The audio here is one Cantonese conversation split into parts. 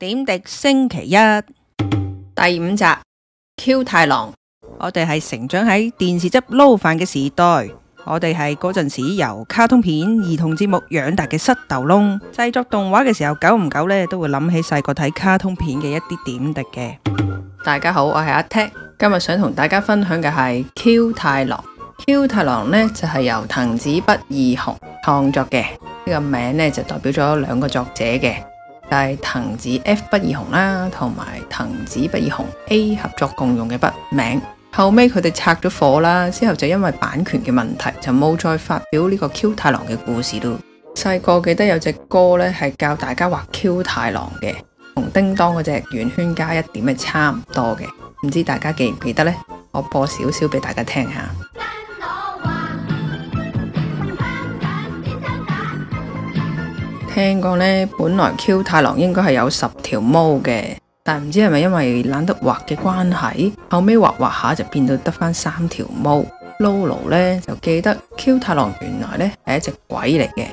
點滴星期一第五集 Q 太郎，我哋係成長喺電視汁撈飯嘅時代，我哋係嗰陣時由卡通片、兒童節目養大嘅膝頭窿。製作動畫嘅時候，久唔久呢都會諗起細個睇卡通片嘅一啲點滴嘅。大家好，我係阿 T。今日想同大家分享嘅係 Q 太郎。Q 太郎呢就係、是、由藤子不二雄創作嘅，呢、這個名呢就代表咗兩個作者嘅。就係藤子 F 不二雄啦，同埋藤子不二雄 A 合作共用嘅筆名，後尾佢哋拆咗伙啦，之後就因為版權嘅問題，就冇再發表呢個 Q 太郎嘅故事咯。細個記得有隻歌咧，係教大家畫 Q 太郎嘅，同叮噹嗰隻圓圈加一點係差唔多嘅，唔知大家記唔記得咧？我播少少俾大家聽一下。聽講咧，本來 Q 太郎應該係有十條毛嘅，但唔知係咪因為懶得畫嘅關係，後尾畫畫下就變到得返三條毛。Lulu 咧就記得 Q 太郎原來咧係一隻鬼嚟嘅，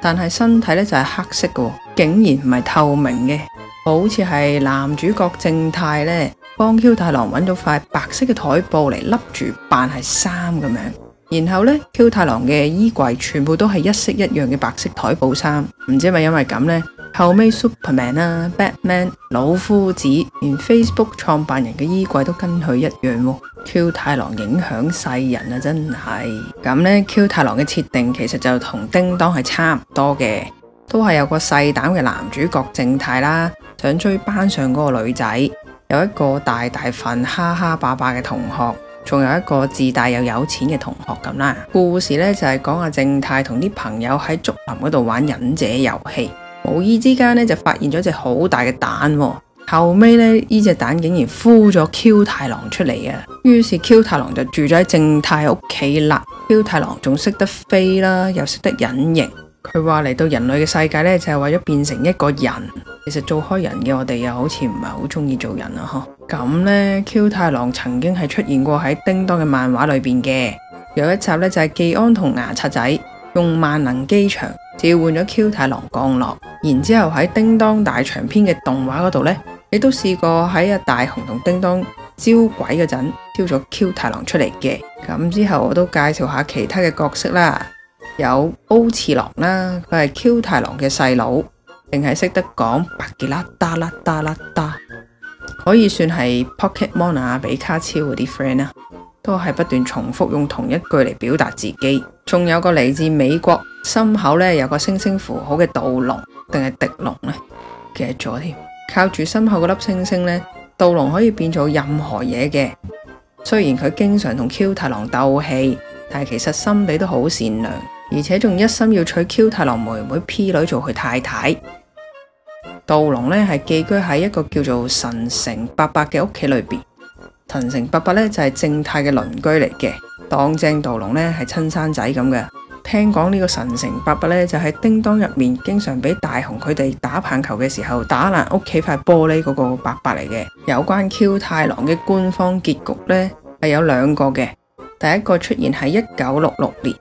但係身體咧就係、是、黑色嘅，竟然唔係透明嘅，好似係男主角正太咧幫 Q 太郎揾到塊白色嘅枱布嚟笠住扮係衫咁樣。然後呢 Q 太郎嘅衣櫃全部都係一色一樣嘅白色台布衫，唔知係咪因為咁呢？後尾 Superman 啊、Batman、老夫子，連 Facebook 創辦人嘅衣櫃都跟佢一樣喎、哦。Q 太郎影響世人啊，真係。噉呢 Q 太郎嘅設定其實就同叮當係差唔多嘅，都係有個細膽嘅男主角正太啦，想追班上嗰個女仔，有一個大大份、哈哈霸霸嘅同學。仲有一個自大又有錢嘅同學咁啦。故事呢就係講阿正太同啲朋友喺竹林嗰度玩忍者遊戲，無意之間呢就發現咗一隻好大嘅蛋。後尾呢，呢隻蛋竟然孵咗 Q 太郎出嚟啊！於是 Q 太郎就住在正太屋企啦。Q 太郎仲識得飛啦，又識得隱形。佢話嚟到人類嘅世界呢就係為咗變成一個人。其實做開人嘅我哋又好似唔係好中意做人啊，咁呢，Q 太郎曾經係出現過喺叮當嘅漫畫裏邊嘅，有一集呢，就係、是、技安同牙刷仔用萬能機場召喚咗 Q 太郎降落，然之後喺叮當大長篇嘅動畫嗰度呢，亦都試過喺阿大雄同叮當招鬼嗰陣挑咗 Q 太郎出嚟嘅。咁之後我都介紹下其他嘅角色啦，有歐次郎啦，佢係 Q 太郎嘅細佬，淨係識得講白吉啦啦啦啦啦。可以算係 Pocket Mona 比卡超嗰啲 friend 啊，都係不斷重複用同一句嚟表達自己。仲有個嚟自美國，心口咧有個星星符號嘅盜龍，定係迪龍咧？記咗添。靠住心口粒星星咧，盜龍可以變做任何嘢嘅。雖然佢經常同 Q 太郎鬥氣，但係其實心地都好善良，而且仲一心要娶 Q 太郎妹妹 P 女做佢太太。道龍咧係寄居喺一個叫做神成伯伯嘅屋企裏面。「神成伯伯呢就係正太嘅鄰居嚟嘅，當正道龍咧係親生仔咁嘅。聽講呢個神成伯伯呢就係、是、叮當入面經常俾大雄佢哋打棒球嘅時候打爛屋企塊玻璃嗰個伯伯嚟嘅。有關 Q 太郎嘅官方結局呢係有兩個嘅，第一個出現係一九六六年。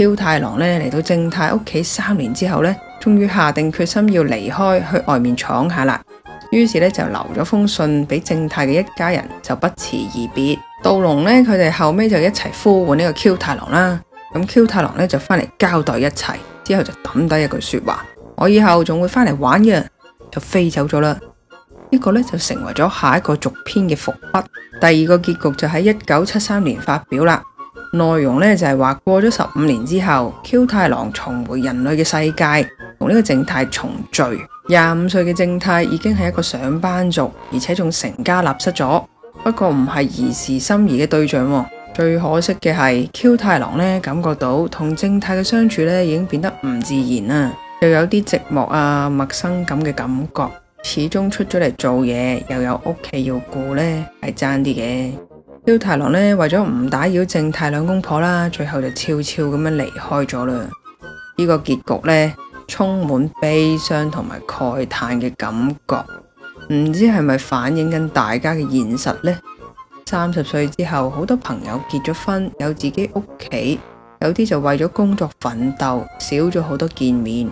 Q 太郎呢嚟到正太屋企三年之後呢，終於下定決心要離開，去外面闖下啦。於是呢，就留咗封信俾正太嘅一家人，就不辭而別。道龍呢，佢哋後尾就一齊呼喚呢個 Q 太郎啦。咁 Q 太郎呢，就翻嚟交代一切，之後就抌低一句說話：我以後仲會翻嚟玩嘅。就飛走咗啦。呢個呢，就成為咗下一個續篇嘅伏筆。第二個結局就喺一九七三年發表啦。內容呢就係話過咗十五年之後，Q 太郎重回人類嘅世界，同呢個正太重聚。廿五歲嘅正太已經係一個上班族，而且仲成家立室咗。不過唔係兒時心儀嘅對象。最可惜嘅係，Q 太郎呢感覺到同正太嘅相處呢已經變得唔自然喇，又有啲寂寞啊、陌生感嘅感覺。始終出咗嚟做嘢，又有屋企要顧呢，係爭啲嘅。小太郎咧，為咗唔打擾正太兩公婆啦，最後就悄悄咁樣離開咗啦。呢個結局呢，充滿悲傷同埋慨嘆嘅感覺，唔知係咪反映緊大家嘅現實呢？三十歲之後，好多朋友結咗婚，有自己屋企，有啲就為咗工作奮鬥，少咗好多見面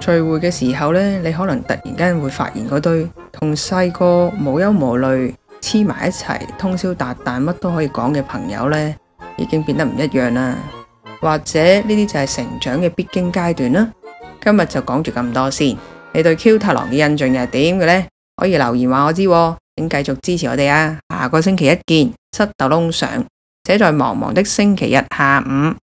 聚會嘅時候呢，你可能突然間會發現嗰堆同細個無憂無慮，黐埋一齊通宵達旦乜都可以講嘅朋友呢，已經變得唔一樣啦。或者呢啲就係成長嘅必經階段啦。今日就講住咁多先。你對 Q 太郎嘅印象又係點嘅呢？可以留言話我知。請繼續支持我哋啊！下個星期一見。七逗窿上寫在茫茫的星期日下午。